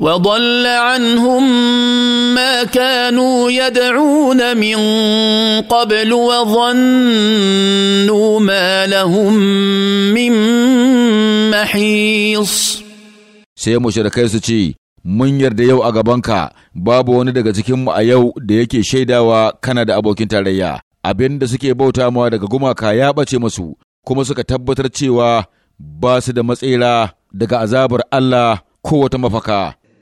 وضل عنهم ما كانوا يدعون من قبل وظنوا ما لهم من محيص sai mushrikai su ce mun yarda yau a gabanka babu wani daga cikinmu a yau da yake shaidawa kana da abokin tarayya abin da suke bauta mawa daga gumaka ya ɓace masu kuma suka tabbatar cewa ba su da matsira daga azabar Allah ko wata mafaka